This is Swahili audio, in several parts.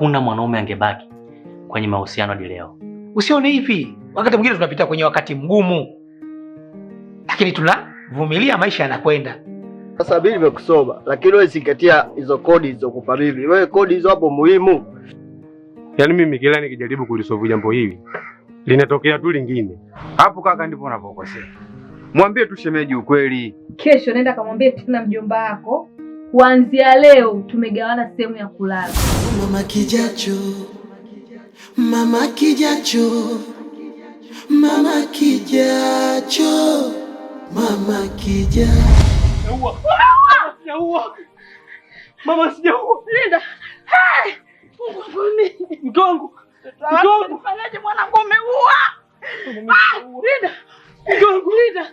hakuna mwanaume angebaki kwenye mahusiano hadi leo. Usione hivi, wakati mwingine tunapita kwenye wakati mgumu, lakini tunavumilia, maisha yanakwenda. Sasa mimi nimekusoma, lakini wewe zingatia hizo kodi zilizokupa mimi. Wewe kodi hizo hapo muhimu. Yaani mimi kila nikijaribu kulisovu jambo hili linatokea tu lingine. Hapo kaka, ndipo unapokosea. Mwambie tu shemeji ukweli. Kesho nenda kamwambie tuna mjomba wako Kuanzia leo tumegawana sehemu ya kulala. Mama kijacho, mama kijacho, mama kijacho, mama kijacho. mama, sijaua. Linda, Mgongo. Mgongo. mke mwanangu, umeua. Linda, Mgongo. wangu, Linda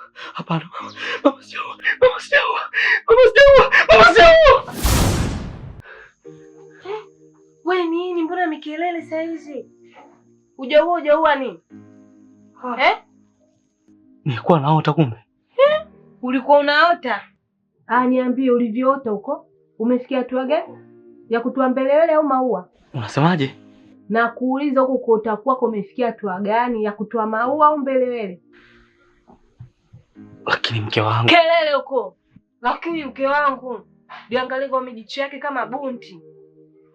Hapana mama, mama mama sio, mama sio, mama sio. Eh, wewe nini? Mbona mikelele saa hizi? ujaua hujaua nini? Ah. Eh? Nilikuwa naota kumbe. Eh? Ulikuwa unaota? Ah, niambie ulivyoota huko. Umefikia hatua gani? Ya kutoa mbelewele au maua? Unasemaje? nakuuliza huko kuota utakuwa umefikia hatua gani ya kutoa maua au mbelewele? Lakini mke wangu. Kelele huko. Lakini mke wangu. Niangalie kwa mijicho yake kama bunti.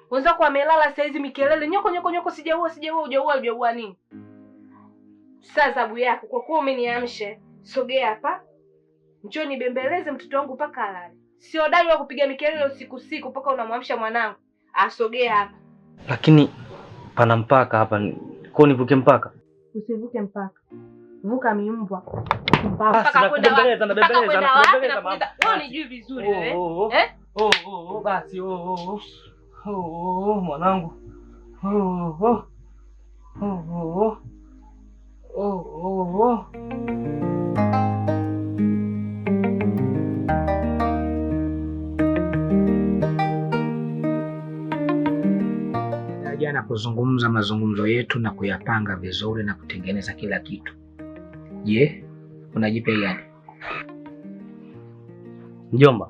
kwa amelala saa hizi mikelele nyoko nyoko nyoko sijaua sijaua hujaua hujaua nini? Sasa sababu yako kwa kuwa umeniamsha. Sogea hapa. Njoo nibembeleze mtoto wangu mpaka alale. Sio dai wa kupiga mikelele usiku siku mpaka unamwamsha mwanangu. Asogea hapa. Lakini pana mpaka hapa. Kwa nivuke mpaka? Usivuke mpaka vuka mimbwa mpaka unijui vizuri wewe. Basi mwanangu, na kuzungumza mazungumzo yetu na kuyapanga vizuri na kutengeneza kila kitu Je, kuna jipya gani? Mjomba,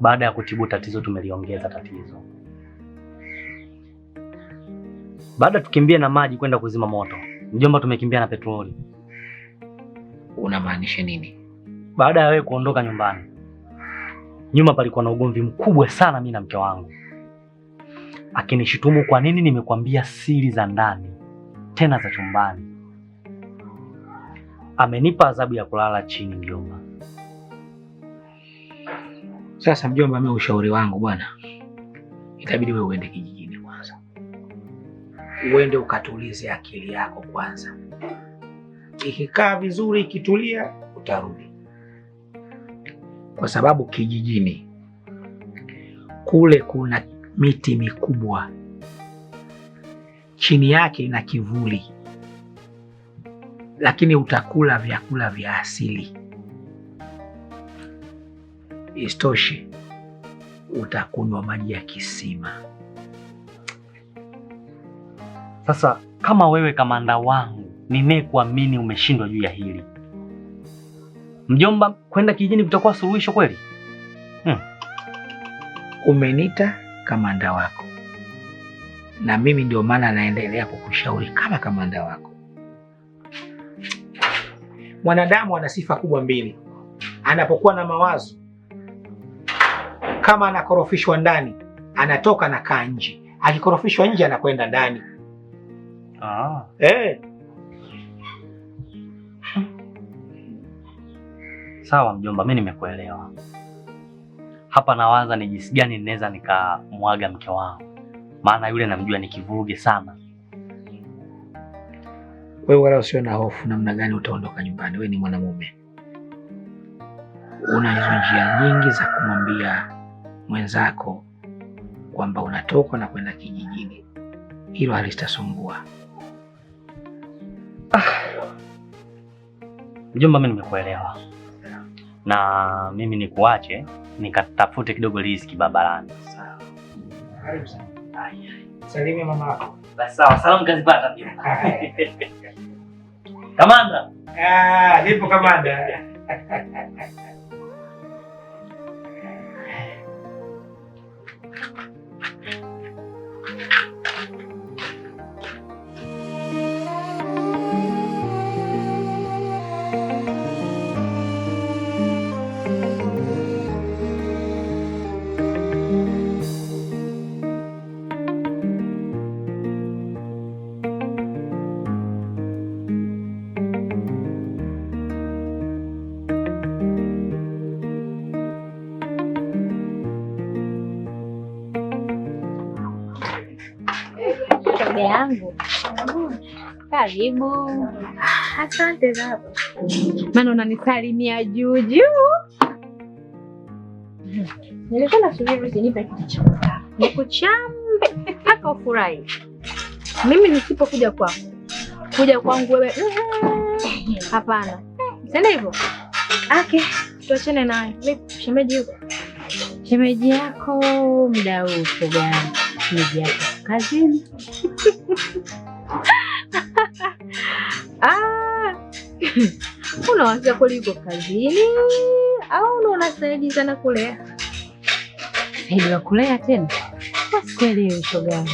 baada ya kutibu tatizo tumeliongeza tatizo. Baada tukimbia na maji kwenda kuzima moto, mjomba, tumekimbia na petroli. Unamaanisha nini? Baada ya wewe kuondoka nyumbani, nyuma palikuwa na ugomvi mkubwa sana, mimi na mke wangu, akinishutumu kwa nini nimekwambia siri za ndani tena za chumbani amenipa adhabu ya kulala chini mjomba. Sasa mjomba, mimi ushauri wangu bwana, itabidi wewe uende kijijini kwanza, uende ukatulize akili yako kwanza. Ikikaa vizuri, ikitulia, utarudi, kwa sababu kijijini kule kuna miti mikubwa, chini yake ina kivuli lakini utakula vyakula vya asili. Isitoshe, utakunywa maji ya kisima. Sasa kama wewe kamanda wangu ninayekuamini umeshindwa juu ya hili mjomba, kwenda kijijini kutakuwa suluhisho kweli? hmm. Umenita kamanda wako, na mimi ndio maana naendelea kukushauri kama kamanda wako. Mwanadamu ana sifa kubwa mbili, anapokuwa na mawazo kama anakorofishwa ndani anatoka kaa nje, akikorofishwa nje anakwenda ndani. Ah. Eh. Sawa mjomba, mimi nimekuelewa. Hapa nawaza ni jinsi gani ninaweza nikamwaga mke wangu, maana yule namjua ni kivuruge sana. Wewe wala usio na hofu namna gani utaondoka nyumbani. Wewe ni mwanamume, una hizo njia nyingi za kumwambia mwenzako kwamba unatoka na kwenda kijijini. Hilo halitasumbua. Ah. Mjomba, mimi nimekuelewa, na mimi nikuache nikatafute kidogo riziki babalani. Sawa. Salimia mama yako. Basi sawa, salamu kazipata pia. Kamanda. Ah, nipo kamanda. Karibu. Asante baba. Maana unanisalimia juu juu. Nilikuwa nafikiri usinipe kitu cha nikuchambe mpaka ufurahi. Mimi nisipokuja kwako, kuja kwangu wewe, mm-hmm. hapana. Senda hivyo. Okay, tuachane naye. Shemeji yuko? Shemeji yako muda huu bwana, shemeji yako kazini Ah, unawazia kuliko kazini au unaona Saidi sana kulea? Saidi wa kulea tena? Kweli shoga.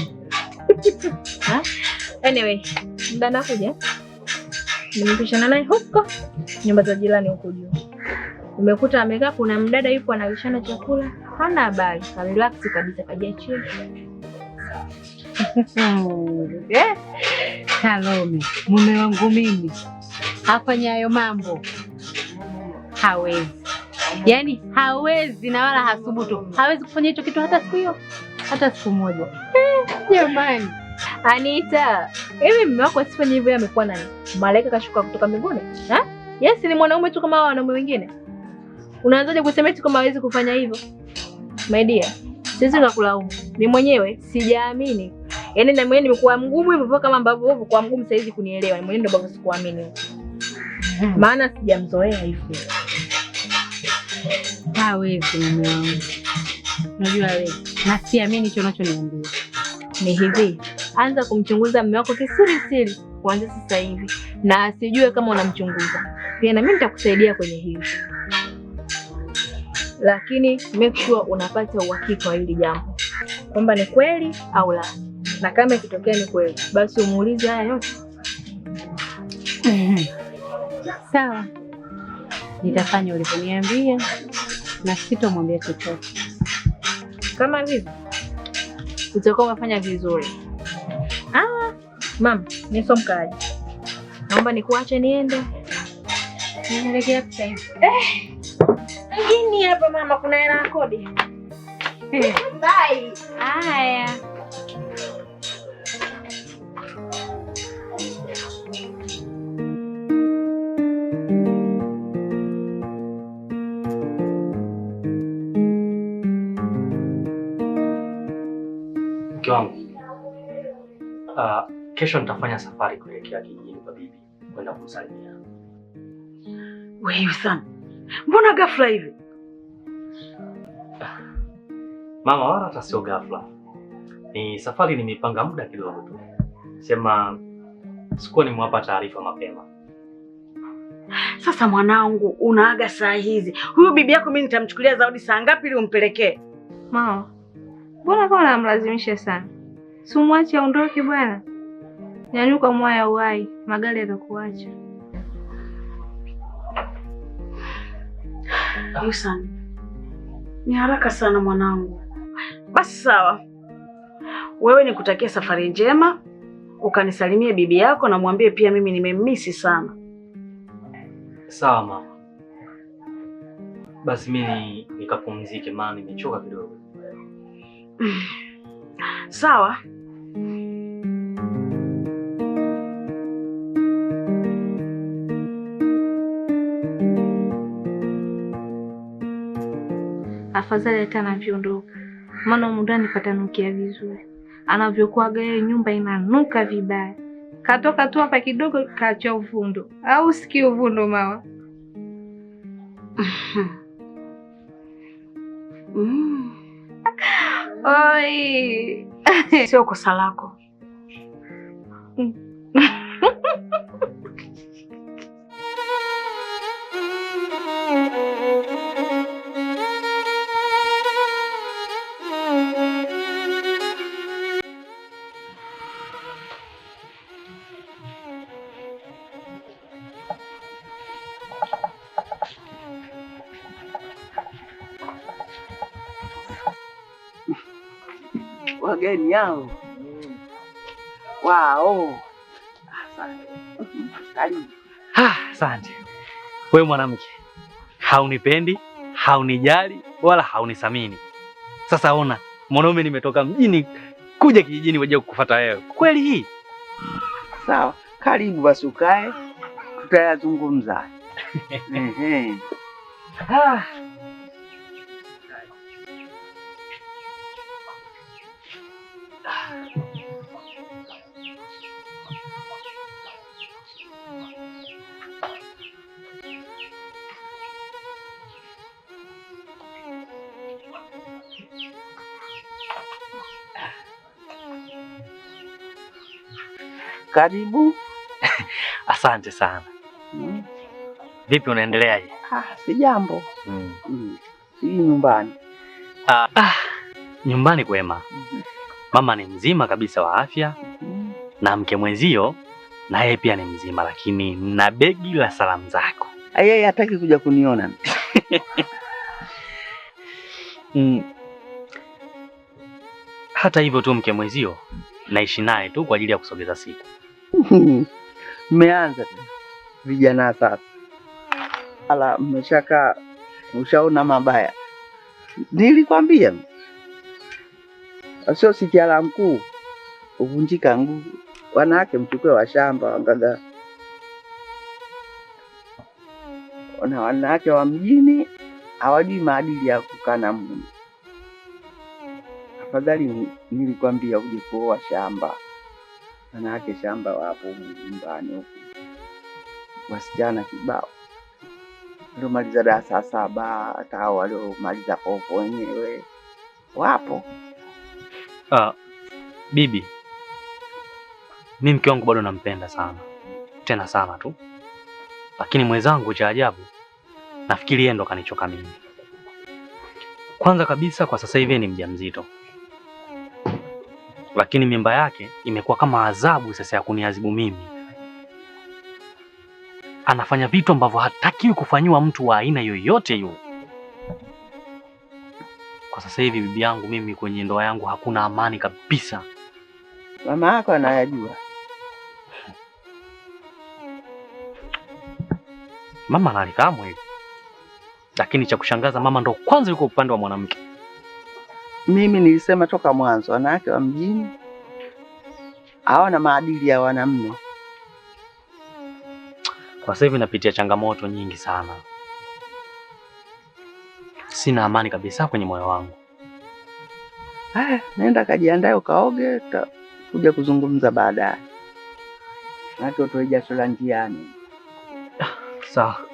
Ah, anyway, mda nakuja nimepishana naye huko nyumba za jirani huko juu, umekuta amekaa, kuna mdada yupo anawishana chakula, hana habari, karelax kabisa, kaja Salome, mume wangu mimi afanya hayo mambo, hawezi yaani hawezi na wala hasubutu, hawezi kufanya hicho kitu hata siku hiyo, hata siku moja. Eh, jamani Anita, hivi mume wako asifanye hivyo, amekuwa nani? Malaika kashuka kutoka mbinguni? Yes, ni mwanaume tu kama wanaume wengine. Unaanzaje kusema eti kama hawezi kufanya hivyo? My dear, sisi tunakulaumu. ni mwenyewe sijaamini Yaani na mwenyewe nimekuwa mgumu hivyo kama ambavyo wewe kwa mgumu saizi kunielewa. Ni mwenyewe ndio ambavyo sikuamini. Maana sijamzoea hivyo. Ah, wewe mume wangu. Unajua wewe, na siamini hicho unachoniambia. Ni hivi, anza kumchunguza mume wako kisiri siri kuanzia sasa hivi na sijue kama unamchunguza. Pia na mimi nitakusaidia kwenye hili. Lakini make sure unapata uhakika wa hili jambo kwamba ni kweli au la na kama ikitokea ni kweli, basi umuulize haya yote. Sawa, nitafanya ulivyoniambia na sitomwambia chochote. Kama vipi, utakuwa umefanya vizuri. Ah, mama, nisomkaaji, naomba nikuache niende, ninaelekea sasa hivi eh. hapa mama, kuna hela ya kodi. Eh. Bye. Haya. Uh, kesho nitafanya safari kuelekea kijijini kwa bibi kwenda kumsalimia. Wewe sana mbona ghafla hivi? Mama, wala hata sio ghafla, ni safari nimepanga muda kidogo tu, sema sikuwa nimewapa taarifa mapema. Sasa mwanangu, unaaga saa hizi? Huyu bibi yako mimi nitamchukulia zawadi saa ngapi ili umpelekee? Mama, mbona kama unamlazimisha sana? Simwache aondoke bwana. Nyanyuka mwaya uwai, magari yatakuacha. Musan, ni haraka sana mwanangu. Basi sawa, wewe nikutakia safari njema, ukanisalimie bibi yako na mwambie pia mimi nimemisi sana. Sawa mama. Basi mimi nikapumzike, maana nimechoka kidogo. Sawa. Afadhali hata anavyoondoka, maana humu ndani patanukia vizuri. Anavyokuaga yeye, nyumba inanuka vibaya. Katoka tu hapa kidogo, kacha uvundo, au sikii uvundo mama? mm. Oi sio kosa lako. Mm. jamii yangu Wao ah, asante. Ah, Wewe mwanamke haunipendi, haunijali wala haunisamini. Sasa ona, mwanaume nimetoka mjini kuja kijijini waje kukufuata wewe. Kweli hii? Sawa, karibu basi ukae tutayazungumza. Ehe. Ah. Karibu. Asante sana. Mm. Vipi, unaendeleaje? Ah, si jambo. Mm. Mm. Si nyumbani. Ah, ah, nyumbani kwema. Mm mama ni mzima kabisa wa afya na mke mwenzio yeye pia ni mzima, lakini na begi la salamu zako. Yeye hataki kuja kuniona mm. hata hivyo tu mke mwenzio naishi naye tu kwa ajili ya kusogeza siku. Mmeanza vijana sasa, ala, mmeshaka ushaona mabaya, nilikwambia Ah, sio la mkuu uvunjika nguu, wanawake mchukue shamba wangaga, na wanawake wa mjini hawajui maadili ya kukaa na mume. Afadhali nilikwambia uje kuoa shamba, wanawake shamba wapo nyumbani huku, wasichana kibao waliomaliza darasa saba, hata hao waliomaliza popo wenyewe wapo. Ah, bibi, mi mke wangu bado nampenda sana tena sana tu, lakini mwenzangu, cha ajabu nafikiri yeye ndo kanichoka mimi. Kwanza kabisa, kwa sasa hivi ni mjamzito, lakini mimba yake imekuwa kama adhabu sasa ya kuniadhibu mimi. Anafanya vitu ambavyo hatakiwi kufanyiwa mtu wa aina yoyote yule. Kwa sasa hivi bibi yangu, mimi kwenye ndoa yangu hakuna amani kabisa. Mama yako anayajua? Mama analikamwe hivi, lakini cha kushangaza mama ndo kwanza yuko upande wa mwanamke. Mimi nilisema toka mwanzo wanawake wa mjini hawana maadili ya wanamume. Kwa sasa hivi napitia changamoto nyingi sana sina amani kabisa kwenye moyo wangu. Haya, nenda kajiandae ukaoge, kuja kuzungumza baadaye. Nacho tueja sola njiani. Ah, sawa.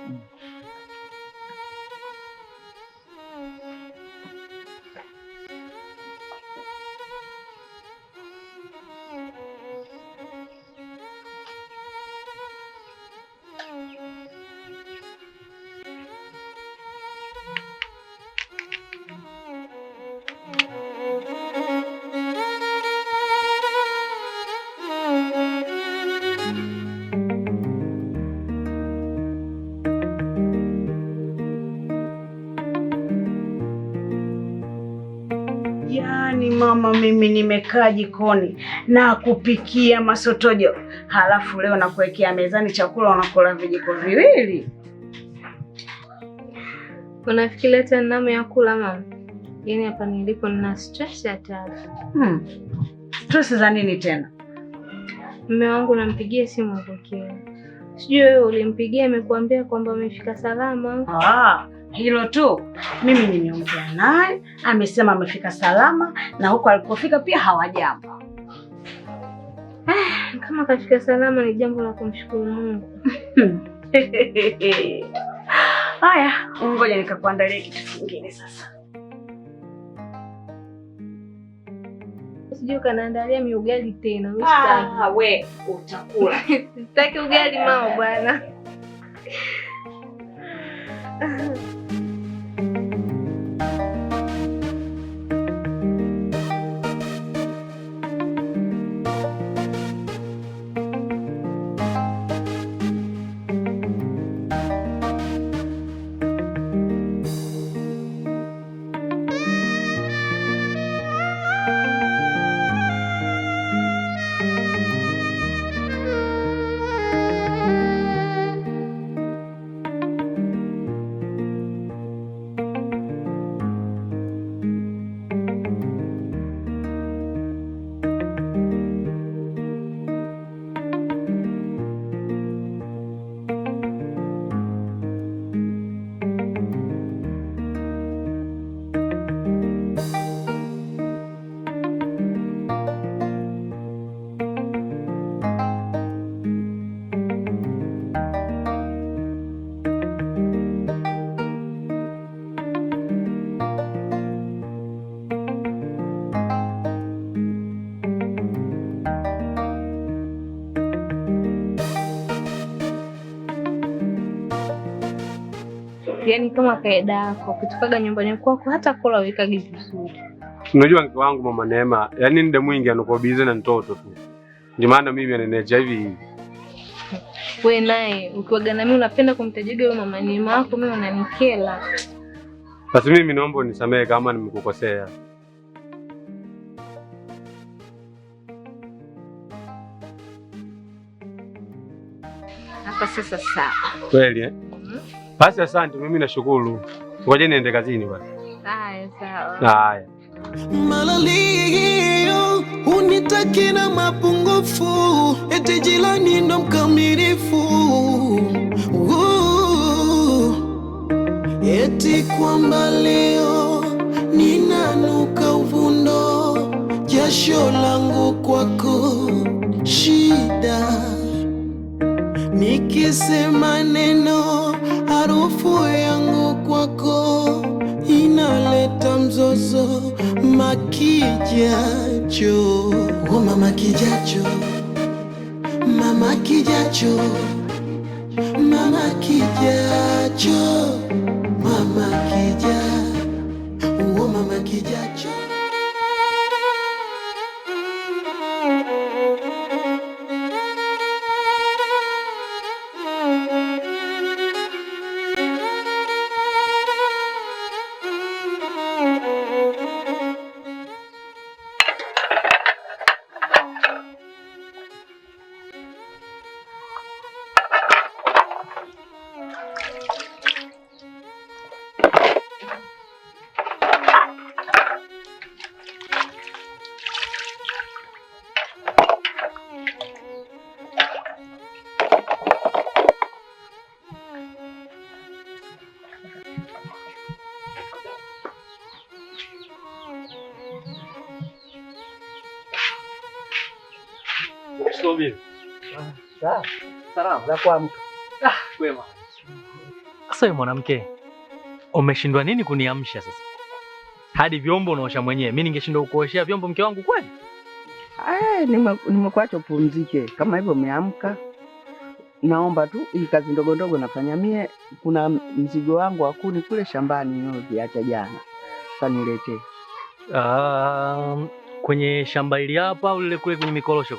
kukaa jikoni na kupikia masotojo, halafu leo nakuwekea mezani chakula unakula vijiko viwili. Unafikiria hata namu ya kula mama? Yaani hapa nilipo nina stress ya Hmm. Stress za nini tena? Mume wangu nampigia simu apokee. Sijui wewe ulimpigia amekuambia kwamba amefika salama. Ah hilo tu. Mimi nimeongea naye, amesema amefika salama na huko alipofika pia hawajambo. Ah, kama kafika salama ni jambo la kumshukuru Mungu. Haya, ngoja nikakuandalia kitu kingine sasa. Sijui kanaandalia mi ugali tena. Ah, we utakula. Sitaki ugali mama bwana. yani kama kaida yako, kutukaga nyumbani kwako hata kula wekagi vizuri. Unajua mke wangu mama Neema, yani nde mwingi anakuwa bize na mtoto tu, ndio maana mimi ananeneja hivi hivi. We naye ukiwaga na mimi unapenda kumtajaga yule mama Neema wako, mimi unanikela. Basi mimi naomba unisamehe kama nimekukosea. Hapa sasa sawa. Kweli eh? Basi asante, mimi nashukuru. Ngoja niende kazini basi. Haya, sawa. Haya. unitaki na mapungufu, eti jilani ndo mkamilifu, eti kwamba leo ninanuka uvundo, jasho langu kwako shida, nikisema neno hofu yangu kwako inaleta mzozo. Makijacho, oh mama kijacho, mama kijacho, mama kijacho, mama kija, oh mama kijacho. Subiri. Ah, ah, Sawa. Za kuamka. Ah, kwema. Sasa wewe mwanamke, umeshindwa nini kuniamsha sasa? Hadi vyombo unaosha mwenyewe. Mimi ningeshindwa kukuoshea vyombo mke wangu kweli? Eh, nimekuacha upumzike. Kama hivyo umeamka, naomba tu hii kazi ndogo ndogo nafanya mie. Kuna mzigo wangu wa kuni kule shambani niliacha jana, sasa niletee. Ah, kwenye shamba hili hapa au lile kule kwenye mikorosho?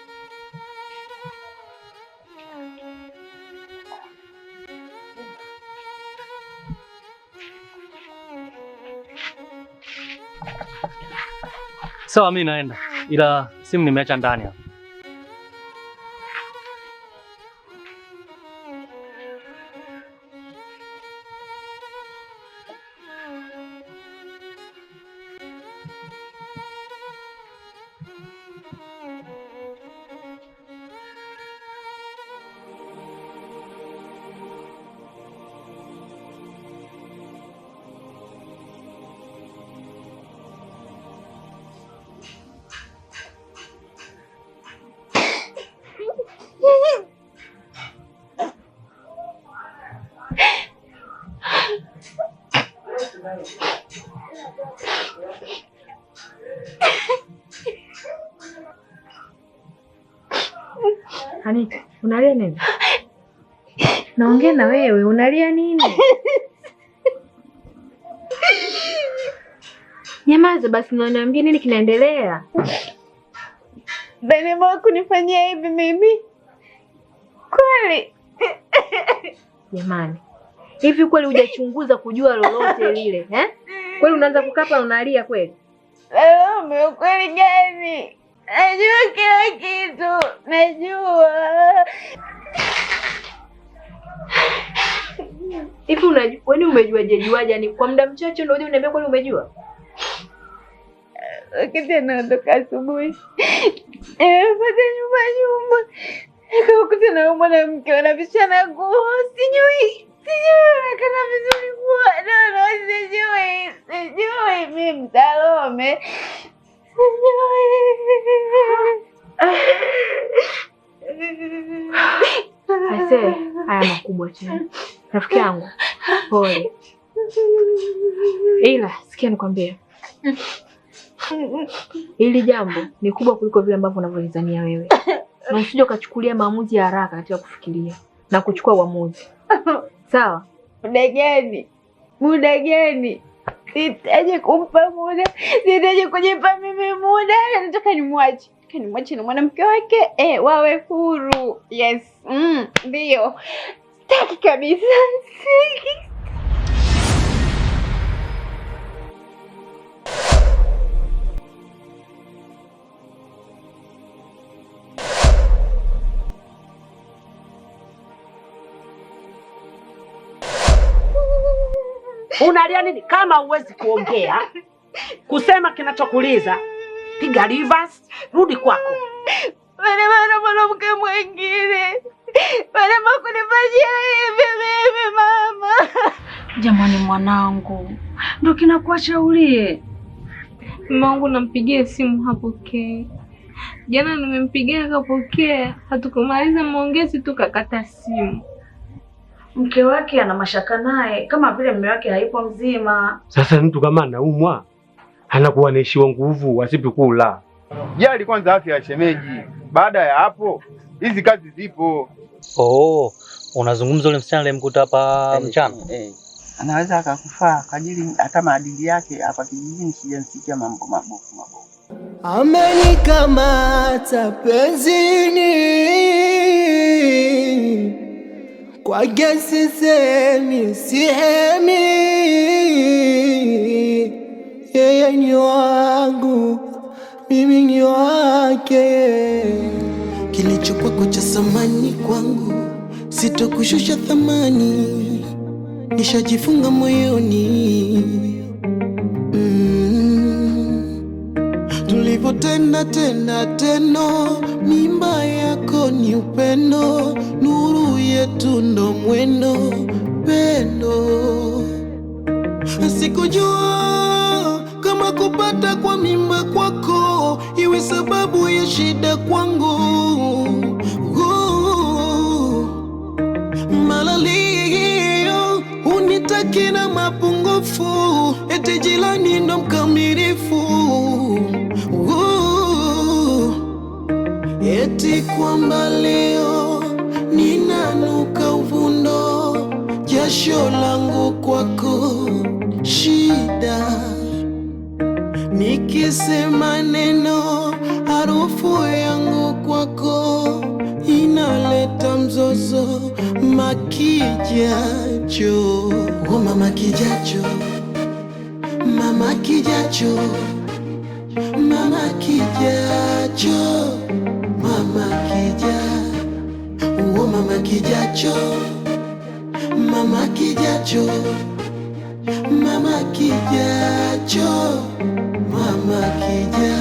Sawa, mimi naenda, ila simu nimeacha ndani hapa. Hani, unalia nini? Naongea na wewe, unalia nini? Nyamaza basi, naniambia nini kinaendelea? Benebo kunifanyia hivi mimi? Kweli? Jamani, hivi kweli hujachunguza kujua lolote lile eh? Kweli unaanza kukapa unalia kweli? Kweli gani? Najua kila kitu, najua hivi. Kwani umejuaje juaje? Yani kwa muda mchache ndio unaniambia kweli umejua? Wakati anaondoka asubuhi, pata nyumba nyumba Kukutana mwanamke wanapishana nguo, sijui sijui nakana vizuri kuwa dono, sijui sijui mi Msalome, sijui haya makubwa chini. Rafiki yangu pole, ila sikia nikwambie, hili jambo ni kubwa kuliko vile ambavyo unavyolizania wewe na usije ukachukulia maamuzi ya haraka katika kufikiria na kuchukua uamuzi sawa? Muda gani? Muda gani? Sitaje kumpa muda, sitaje kujipa mimi muda. Nataka nimwache, nataka nimwache na mwanamke wake eh, wawe huru. Yes, mm, ndio mm, sitaki kabisa, sitaki Unalia nini kama huwezi kuongea kusema kinachokuliza? Piga reverse, rudi kwako. Wewe mwanamke mwingine wewe kunifanyia hivi mimi mama. Jamani, mwanangu ndio kinakuashaulie mama wangu, nampigia simu hapokee. Jana nimempigia akapokea, hatukumaliza maongezi tukakata simu mke wake ana mashaka naye, kama vile mume wake haipo mzima. Sasa mtu kama anaumwa anakuwa anaishiwa nguvu, asipikula jali kwanza afya ya shemeji. Baada ya hapo hizi kazi zipo. Oh, unazungumza ule msichana aliyemkuta hapa hey, eh, mchana hey. Eh, eh. Anaweza akakufaa kajili hata maadili yake hapa kijijini, sijansikia mambo mabovu mabovu. Amenikamata penzini kwake sisemi, sihemi. Yeye ni wangu, mimi ni wake. Kilicho cha samani kwangu, sitokushusha thamani, nishajifunga moyoni tena tena teno, mimba yako ni upendo, nuru yetu ndo mwendo pendo. Sikujua kama kupata kwa mimba kwako iwe sababu ya shida kwangu. Uh, malalio unitaki na mapungufu, eti jilani ndo mkamilifu kwamba leo ninanuka uvundo, jasho langu kwako shida, nikisema neno, harufu yangu kwako inaleta mzozo. Makijacho, o oh, mama kijacho, mama kijacho, mama kijacho mama kijacho, mama kijacho, mama kijacho, mama kija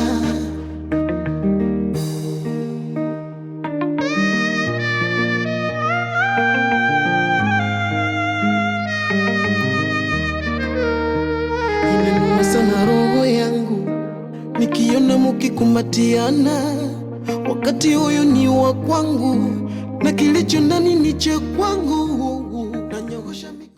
roho yangu nikiona mukikumbatiana, wakati huyu ni wa kwangu na kilicho ndani ni cha kwangu